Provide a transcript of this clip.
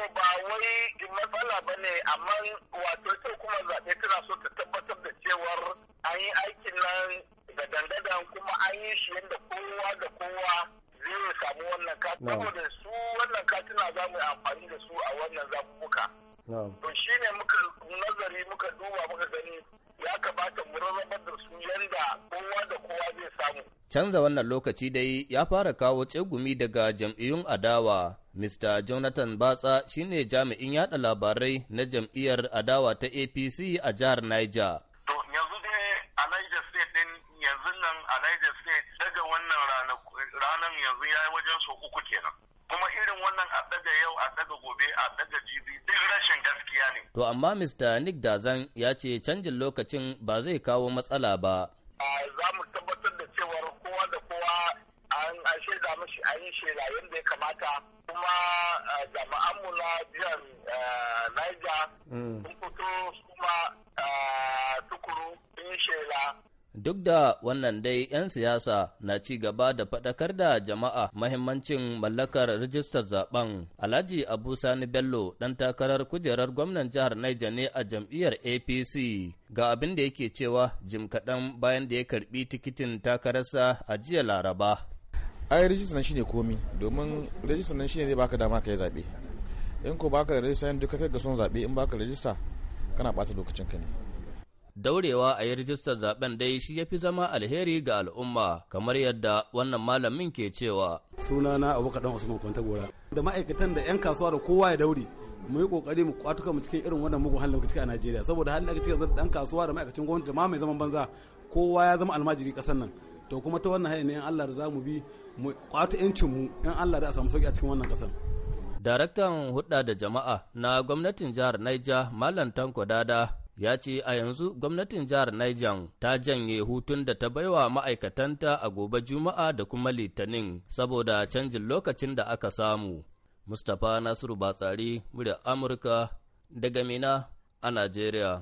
wato ba wai matsala ba ne amma wato ta kuma zaɓe tana so ta tabbatar da cewar an yi aikin nan da dangadan kuma an yi shi yadda kowa da kowa zai samu wannan katin saboda su wannan katina za mu yi amfani da su a wannan zaɓuɓɓuka. To shi ne muka nazari muka duba muka gani ya kamata mu rarrabar da Canza wannan lokaci dai ya fara kawo tsegumi daga jam'iyyun adawa. Mr. Jonathan Batsa shine jami'in yada labarai na jam'iyyar adawa ta APC a jihar Niger. To yanzu dai a Niger State din yanzu nan a Niger State daga wannan ranar yanzu ya yi wajen so uku kenan. Kuma irin wannan a daga yau a daga gobe a daga jibi duk rashin gaskiya ne. To amma Mr. Nick Dazan ya ce canjin lokacin ba zai kawo matsala ba. shi an yi shela yadda ya kamata kuma mu na jihar niger mm. sun fito kuma tukuru sun yi shela Duk da wannan dai 'yan siyasa na ci gaba da faɗakar da jama'a mahimmancin mallakar rijistar zaben Alhaji Abu Sani Bello ɗan takarar kujerar gwamnan jihar Naija ne a jam'iyyar APC ga abin da yake cewa jim kaɗan bayan da ya karɓi tikitin takararsa a jiya Laraba. ai rijista nan shine komi domin rijista nan shine zai baka dama ka yi zaɓe in ko baka da rijista duka kai ga son zaɓe in baka rijista kana ɓata lokacin ka ne daurewa a yi rijistar zaben dai shi ya fi zama alheri ga al'umma kamar yadda wannan malamin ke cewa suna sunana abubakar dan usman gora. da ma'aikatan da 'yan kasuwa da kowa ya daure mu yi kokari mu kwatuka mu cikin irin wannan mugun halin lokaci a najeriya saboda halin da ake cikin dan kasuwa da ma'aikacin gwamnati da ma mai zaman banza kowa ya zama almajiri kasar nan to kuma ta wannan hanyar ne in Allah za mu bi mu kwato yancin mu in Allah da a samu sauki a cikin wannan kasan Daraktan hudda da jama'a na gwamnatin jihar Naija Malam Tanko Dada ya ce a yanzu gwamnatin jihar Niger ta janye hutun da ta baiwa ma'aikatanta a gobe Juma'a da kuma Litinin saboda canjin lokacin da aka samu. Mustapha Nasiru Batsari, murya Amurka, daga Mina a Najeriya.